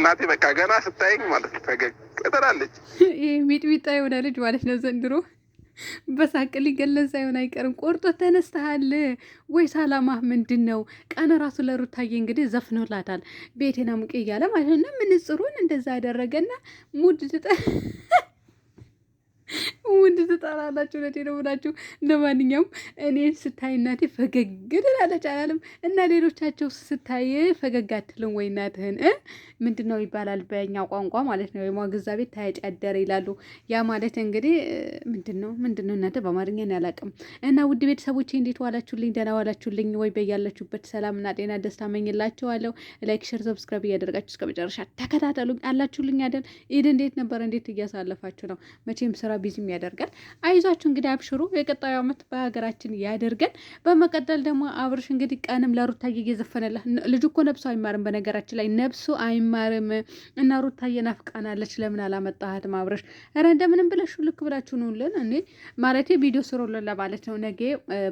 እናቴ በቃ ገና ስታየኝ ማለት ነው ፈገግ ትላለች። ይህ ሚጥሚጣ የሆነ ልጅ ማለት ነው ዘንድሮ በሳቅ ሊገለጽ ሳይሆን አይቀርም። ቆርጦ ተነስተሃል ወይስ አላማህ ምንድን ነው? ቀን ራሱ ለሩታዬ እንግዲህ ዘፍኖላታል ቤቴና ሙቄ እያለ ማለት ነው። ምንጽሩን እንደዛ ያደረገና ሙድ ወንድ ተጣላላችሁ ነ ደውላችሁ። ለማንኛውም እኔ ስታይ እናቴ ፈገግ ትላለች አላለም እና ሌሎቻቸው ስታይ ፈገግ አትልም ወይ እናትህን ምንድን ነው ይባላል በኛ ቋንቋ ማለት ነው። የሟግዛ ቤት ታያጫደር ይላሉ። ያ ማለት እንግዲህ ምንድን ነው ምንድን ነው እናንተ በአማርኛ ያላቅም እና ውድ ቤተሰቦቼ እንዴት ዋላችሁልኝ? ደህና ዋላችሁልኝ ወይ? በያላችሁበት ሰላምና ጤና ደስታ መኝላችኋለሁ። ላይክ፣ ሸር፣ ሰብስክራይብ እያደረጋችሁ እስከ መጨረሻ ተከታተሉኝ። አላችሁልኝ አይደል? ኢድ እንዴት ነበር? እንዴት እያሳለፋችሁ ነው? መቼም ስራ ቢዚ ያደርገን። አይዟችሁ እንግዲህ አብሽሩ። የቀጣዩ ዓመት በሀገራችን ያደርገን። በመቀጠል ደግሞ አብርሽ እንግዲህ ቀንም ለሩታዬ እየዘፈነላት ልጅ እኮ ነብሱ አይማርም። በነገራችን ላይ ነብሱ አይማርም እና ሩታዬ ናፍቃናለች። ለምን አላመጣሃትም አብርሽ? ረ እንደምንም ብለሽ ልክ ብላችሁ ንውልን እኔ ማለት ቪዲዮ ስሩልን ለማለት ነው። ነገ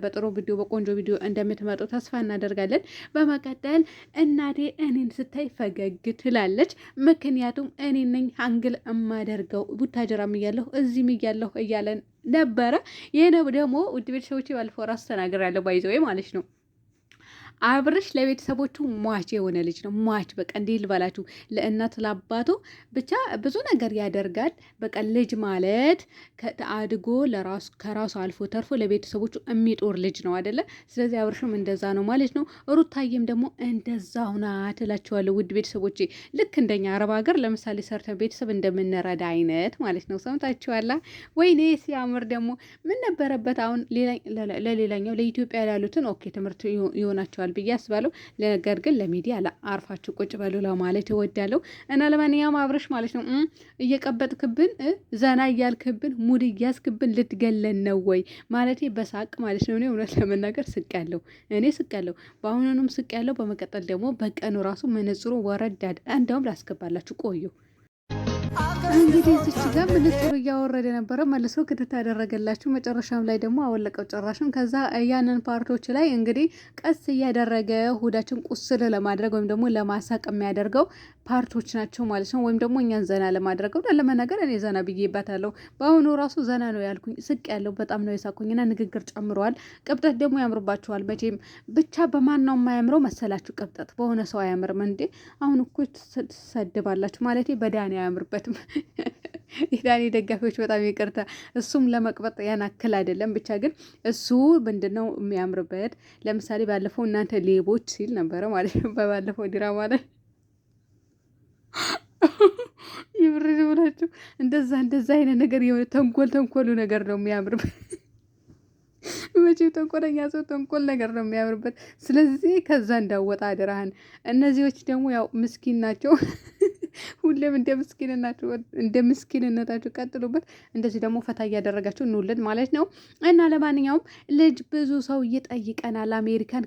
በጥሩ ቪዲዮ በቆንጆ ቪዲዮ እንደምትመጡ ተስፋ እናደርጋለን። በመቀጠል እናቴ እኔን ስታይ ፈገግ ትላለች። ምክንያቱም እኔ ነኝ አንግል እማደርገው ቡታጀራም እያለሁ እዚህም እያለሁ እያለን ነበረ። ይህ ነው ደግሞ ውድ ቤተሰቦች ባለፈው ራሱ ያለው ባይዘ ማለት ነው አብርሽ ለቤተሰቦቹ ሟች የሆነ ልጅ ነው። ሟች በቃ እንዲህ ልበላችሁ፣ ለእናት ለአባቱ ብቻ ብዙ ነገር ያደርጋል። በቃ ልጅ ማለት አድጎ ከራሱ አልፎ ተርፎ ለቤተሰቦቹ የሚጦር ልጅ ነው አደለ? ስለዚህ አብርሽም እንደዛ ነው ማለት ነው። ሩታዬም ደግሞ እንደዛ ሁና ትላችኋለሁ። ውድ ቤተሰቦች ልክ እንደኛ አረብ ሀገር ለምሳሌ ሰርተን ቤተሰብ እንደምንረዳ አይነት ማለት ነው። ሰምታችኋላ? ወይኔ ሲያምር ደግሞ ምን ነበረበት አሁን ለሌላኛው ለኢትዮጵያ ላሉትን ኦኬ ትምህርት ይሆናቸዋል ይገባል ብዬ አስባለሁ። ነገር ግን ለሚዲያ አርፋችሁ ቁጭ በሉ ለማለት እወዳለሁ እና ለማንኛውም አብረሽ ማለት ነው እየቀበጥክብን ዘና እያልክብን ሙድ እያስክብን ልትገለን ነው ወይ ማለት በሳቅ ማለት ነው። እኔ እውነት ለመናገር ስቅ ያለው እኔ ስቅ ያለው በአሁኑንም ስቅ ያለው በመቀጠል ደግሞ በቀኑ ራሱ መነጽሮ ወረዳድ እንደውም ላስገባላችሁ ቆዩ እንግዲህ እዚች ጋር እያወረደ ነበረ መልሶ ክትት ያደረገላችሁ መጨረሻም ላይ ደግሞ አወለቀው ጨራሽም። ከዛ ያንን ፓርቶች ላይ እንግዲህ ቀስ እያደረገ ሆዳችን ቁስል ለማድረግ ወይም ደግሞ ለማሳቅ የሚያደርገው ፓርቶች ናቸው ማለት ነው። ወይም ደግሞ እኛን ዘና ለማድረገው ለመነገር እኔ ዘና ብዬባታለሁ። በአሁኑ ራሱ ዘና ነው ያልኩኝ፣ ስቅ ያለው በጣም ነው የሳቁኝና ንግግር ጨምረዋል። ቅብጠት ደግሞ ያምርባቸዋል መቼም። ብቻ በማን ነው የማያምረው መሰላችሁ? ቅብጠት በሆነ ሰው አያምርም እንዴ? አሁን እኮ ትሰድባላችሁ ማለት በዳኒ አያምርበትም። የዳኒ ደጋፊዎች በጣም ይቅርታ፣ እሱም ለመቅበጥ ያናክል አይደለም። ብቻ ግን እሱ ምንድን ነው የሚያምርበት? ለምሳሌ ባለፈው እናንተ ሌቦች ሲል ነበረ ማለት ነው። በባለፈው ዲራማ ላይ የብር ናቸው። እንደዛ እንደዛ አይነት ነገር የሆነ ተንኮል ተንኮሉ ነገር ነው የሚያምርበት። መቼም ተንኮለኛ ሰው ተንኮል ነገር ነው የሚያምርበት። ስለዚህ ከዛ እንዳወጣ አደራህን። እነዚዎች ደግሞ ያው ምስኪን ናቸው። ሁሌም እንደ ምስኪንናችሁ እንደ ምስኪንነታችሁ ቀጥሉበት። እንደዚህ ደግሞ ፈታ እያደረጋችሁ እንውልን ማለት ነው። እና ለማንኛውም ልጅ ብዙ ሰው ይጠይቀናል። አሜሪካን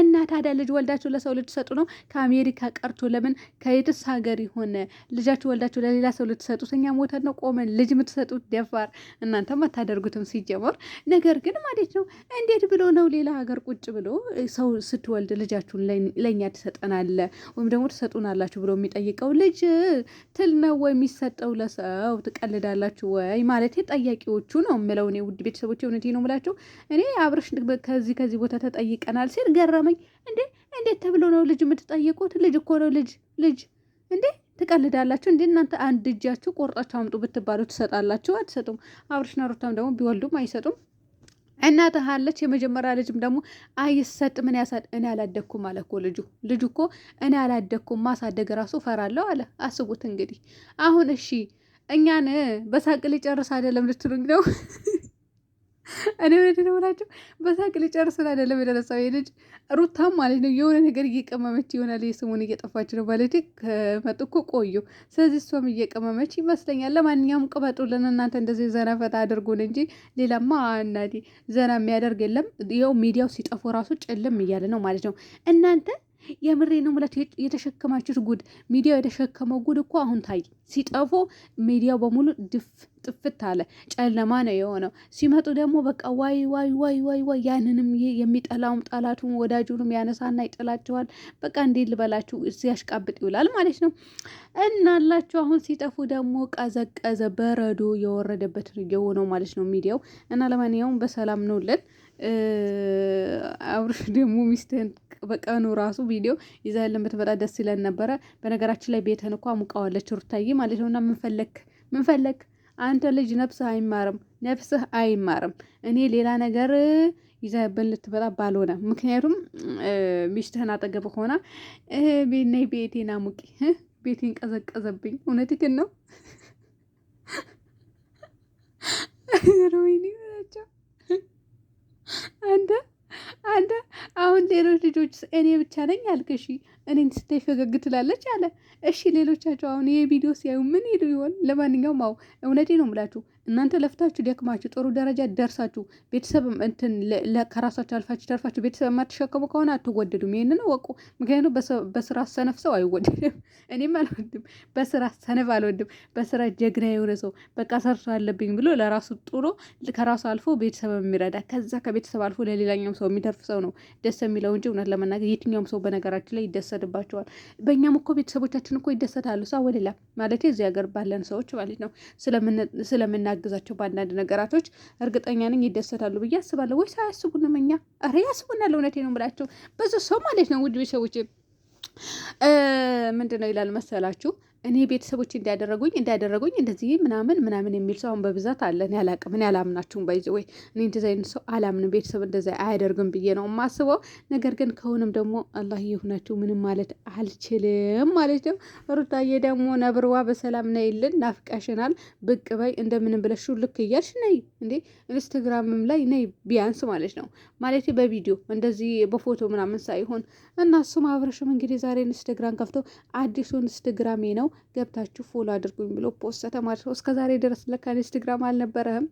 እና ታዲያ ልጅ ወልዳችሁ ለሰው ልጅ ሰጡ ነው? ከአሜሪካ ቀርቶ ለምን ከየትስ ሀገር የሆነ ልጃችሁ ወልዳችሁ ለሌላ ሰው ልትሰጡት? እኛ ሞተን ነው ቆመን ልጅ የምትሰጡት? ደፋር እናንተ አታደርጉትም ሲጀመር። ነገር ግን ማለት ነው እንዴት ብሎ ነው ሌላ ሀገር ቁጭ ብሎ ሰው ስትወልድ ልጃችሁን ለእኛ ትሰጠናለ ወይም ደግሞ ትሰጡናላችሁ ብሎ የሚጠይቀው ልጅ ትል ነው ወይ የሚሰጠው ለሰው? ትቀልዳላችሁ ወይ ማለት ጠያቂዎቹ ነው የምለው። እኔ ውድ ቤተሰቦች እውነቴ ነው የምላቸው። እኔ አብረሽ ከዚህ ከዚህ ቦታ ተጠይቀናል ሲል ገረመኝ። እንዴ እንዴት ተብሎ ነው ልጅ የምትጠይቁት? ልጅ እኮ ነው ልጅ ልጅ። እንዴ ትቀልዳላችሁ እንዴ እናንተ። አንድ እጃችሁ ቆርጣችሁ አምጡ ብትባሉ ትሰጣላችሁ? አትሰጡም። አብርሽና ሩታም ደግሞ ቢወልዱም አይሰጡም። እናት አለች። የመጀመሪያ ልጅም ደግሞ አይሰጥ ምን ያሳድ እኔ አላደግኩም አለ እኮ ልጁ። ልጁ እኮ እኔ አላደግኩም ማሳደግ ራሱ ፈራለሁ አለ። አስቡት እንግዲህ አሁን እሺ እኛን በሳቅ ሊጨርስ አይደለም ልትሉኝ ነው? እኔ ወደ ሆናቸው በሳቅ ልጨርስ አይደለም የደረሰው ልጅ ሩታም ማለት ነው። የሆነ ነገር እየቀመመች ይሆናል የስሙን እየጠፋች ነው ማለት ከመጡ እኮ ቆዩ። ስለዚህ እሷም እየቀመመች ይመስለኛል። ለማንኛውም ቅበጡልን እናንተ እንደዚህ ዘና ፈታ አድርጉን እንጂ ሌላማ እናቴ ዘና የሚያደርግ የለም። ያው ሚዲያው ሲጠፉ ራሱ ጨለም እያለ ነው ማለት ነው እናንተ የምሬ ነው ምላት የተሸከማችሁት ጉድ ሚዲያው የተሸከመው ጉድ እኮ አሁን ታይ። ሲጠፉ ሚዲያው በሙሉ ድፍ ጥፍት አለ፣ ጨለማ ነው የሆነው። ሲመጡ ደግሞ በቃ ዋይ ዋይ ዋይ ዋይ ዋይ። ያንንም የሚጠላውም ጠላቱም ወዳጁንም ያነሳና ይጥላቸዋል። በቃ እንዴት ልበላችሁ ሲያሽቃብጥ ይውላል ማለት ነው። እናላችሁ አሁን ሲጠፉ ደግሞ ቀዘቀዘ፣ በረዶ የወረደበት የሆነው ማለት ነው ሚዲያው እና ለማንኛውም በሰላም ነውለን። አብርሽ ደግሞ ሚስትህን በቀኑ ራሱ ቪዲዮ ይዘህልን ብትመጣ ደስ ይለን ነበረ። በነገራችን ላይ ቤተን እኮ አሙቃዋለች ሩታዬ ማለት ነውና ምንፈለክ ምንፈለክ አንተ ልጅ ነፍስህ አይማርም፣ ነፍስህ አይማርም። እኔ ሌላ ነገር ይዘህብን ልትመጣ ባልሆነ ምክንያቱም ሚስትህን አጠገብ ሆና ነይ ቤቴን አሙቂ፣ ቤቴን ቀዘቀዘብኝ። እውነትህን ነው። ልጆች እኔ ብቻ ነኝ እሺ እኔን ስታይ ፈገግ ትላለች አለ። እሺ ሌሎቻቸው አሁን ይሄ ቪዲዮ ሲያዩ ምን ይሉ ይሆን? ለማንኛውም አው እውነቴ ነው የምላችሁ እናንተ ለፍታችሁ ደክማችሁ ጥሩ ደረጃ ደርሳችሁ ቤተሰብ እንትን ከራሳችሁ አልፋችሁ ተርፋችሁ ቤተሰብ የማትሸከሙ ከሆነ አትወደዱም። ይህንን ወቁ። ምክንያቱም በስራ ሰነፍ ሰው አይወደድም። እኔም አልወድም፣ በስራ ሰነፍ አልወድም። በስራ ጀግና የሆነ ሰው በቃ ሰርቶ አለብኝ ብሎ ለራሱ ጥሩ ከራሱ አልፎ ቤተሰብ የሚረዳ ከዛ ከቤተሰብ አልፎ ለሌላኛውም ሰው የሚተርፍ ሰው ነው ደስ የሚለው እንጂ እውነት ለመናገር የትኛውም ሰው በነገራችን ላይ ይደሰድባቸዋል። በእኛም እኮ ቤተሰቦቻችን እኮ ይደሰታሉ። ሳ ወደላ ማለት እዚህ ሀገር ባለን ሰዎች ማለት ነው ስለምናግዛቸው በአንዳንድ ነገራቶች እርግጠኛ ነኝ ይደሰታሉ ብዬ አስባለሁ። ወይስ አያስቡንም? እኛ ኧረ ያስቡናል። እውነቴ ነው የምላቸው ብዙ ሰው ማለት ነው ውድ ቤተሰቦች ምንድን ነው ይላል መሰላችሁ እኔ ቤተሰቦች እንዳደረጉኝ እንዳደረጉኝ እንደዚህ ምናምን ምናምን የሚል ሰው አሁን በብዛት አለ። እኔ አላቅም፣ እኔ አላምናችሁም። ባይዘ ወይ እኔ እንደዚ አይነት ሰው አላምንም። ቤተሰብ እንደዚ አያደርግም ብዬ ነው የማስበው። ነገር ግን ከሆነም ደግሞ አላህ የሆናችሁ ምንም ማለት አልችልም ማለት ነው። ሩታዬ ደግሞ ነብርዋ በሰላም ነይልን፣ ናፍቀሽናል። ብቅ በይ እንደምንም ብለሽ ልክ እያልሽ ነይ እንዴ ኢንስትግራምም ላይ ነይ ቢያንስ ማለት ነው ማለት በቪዲዮ እንደዚህ በፎቶ ምናምን ሳይሆን እና እሱም አብረሽም እንግዲህ ዛሬ ኢንስትግራም ከፍቶ አዲሱ ኢንስትግራሜ ነው ገብታችሁ ፎሎ አድርጉኝ ብሎ ፖስት ተማሪ ሰው ዛሬ ድረስ ለካ ኢንስትግራም አልነበረህም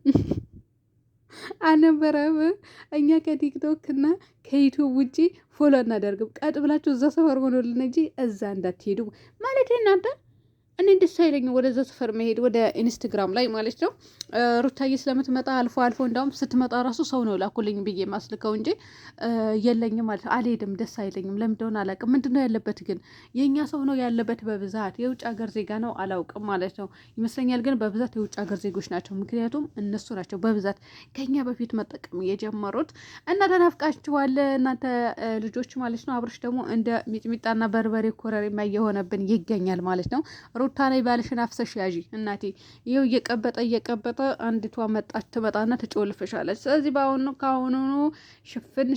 አልነበረም። እኛ ከቲክቶክ እና ከዩቱብ ውጪ ፎሎ እናደርግም ቀጥ ብላችሁ እዛ ሰፈር ሆኖልን እንጂ እዛ እንዳትሄዱ ማለት እናንተ እኔ ደስ አይለኝም ወደዛ ሰፈር መሄድ ወደ ኢንስትግራም ላይ ማለት ነው። ሩታዬ ስለምትመጣ አልፎ አልፎ እንዳውም ስትመጣ ራሱ ሰው ነው ላኩልኝ ብዬ ማስልከው እንጂ የለኝም ማለት አልሄድም፣ ደስ አይለኝም። ለምንደሆነ አላውቅም። ምንድን ነው ያለበት ግን የእኛ ሰው ነው ያለበት በብዛት የውጭ ሀገር ዜጋ ነው አላውቅም ማለት ነው ይመስለኛል። ግን በብዛት የውጭ ሀገር ዜጎች ናቸው፣ ምክንያቱም እነሱ ናቸው በብዛት ከኛ በፊት መጠቀም የጀመሩት እና ተናፍቃችኋል እናንተ ልጆች ማለት ነው። አብርሽ ደግሞ እንደ ሚጥሚጣና በርበሬ ኮረሪማ እየሆነብን ይገኛል ማለት ነው። ሩታ ነይ ባልሽን አፍሰሽ ያዢ እናቴ። ይኸው እየቀበጠ እየቀበጠ አንዲቷ መጣች ትመጣና ትጮልፍሻለች። ስለዚህ በአሁኑ ከአሁኑኑ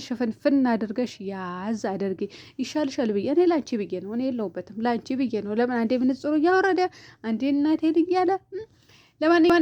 ሽፍን ፍን አድርገሽ ያዝ አድርጌ ይሻልሻል ብዬ እኔ ላንቺ ብዬ ነው። እኔ የለውበትም ላንቺ ብዬ ነው። ለምን አንዴ ምንጽሩ እያወረደ አንዴ እናቴን እያለ ለማንኛውም